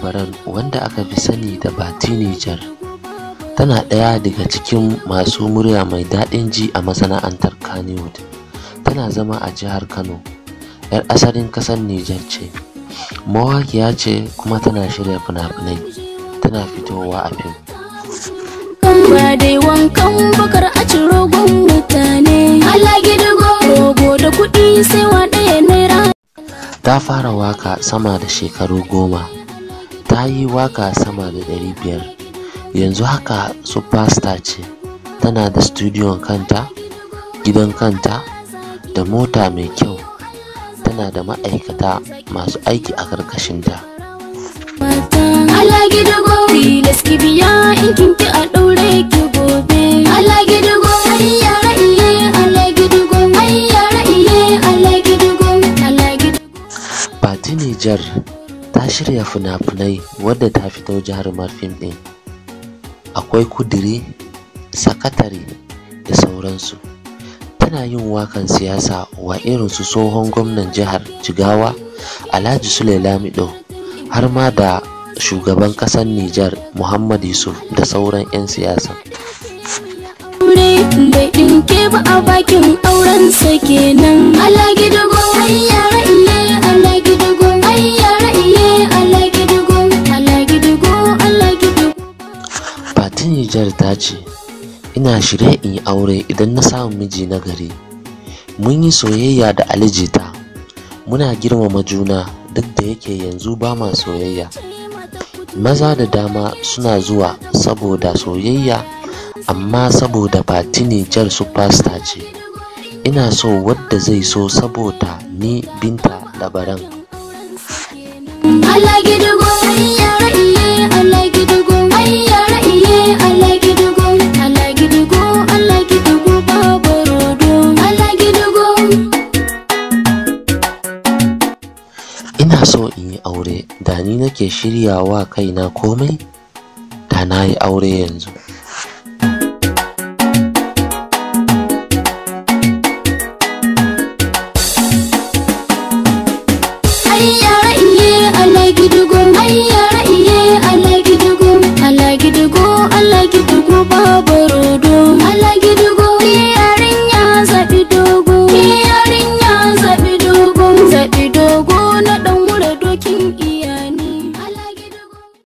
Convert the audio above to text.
barbaran wanda aka fi sani da ba nijar tana ɗaya daga cikin masu murya mai daɗin ji a masana'antar kannywood tana zama a jihar kano 'yar asalin ƙasar nijar ce mawaƙiya ce kuma tana shirya fina-finai tana fitowa a fim ba dai wankan bakar a ci rogon mutane rogo da kuɗi sai wa ɗaya naira ta fara waka sama da shekaru goma ta yi waka sama da ɗari biyar yanzu haka superstar ce tana da studiyon kanta gidan kanta da mota mai kyau tana da ma'aikata masu aiki a ƙarƙashinta Alage da ta shirya fina-finai wadda ta fito jihar Marfin ɗin akwai kudiri sakatare da sauransu tana yin wakan siyasa wa irinsu tsohon gwamnan jihar jigawa alhaji sule lamido har ma da shugaban ƙasar nijar muhammad yusuf da sauran 'yan siyasa bai ɗinke ba a bakin aurensa kenan Nijar ta ce, Ina shirya in yi aure idan na samu miji na gari. Mun yi soyayya da alijita, muna girmama juna duk da yake yanzu ba ma soyayya. Maza da dama suna zuwa saboda soyayya, amma saboda fati Nijar superstar ce. Ina so wadda zai so saboda ni binta labaran. Allah aure da ni nake shirya wa kaina komai da na yi aure yanzu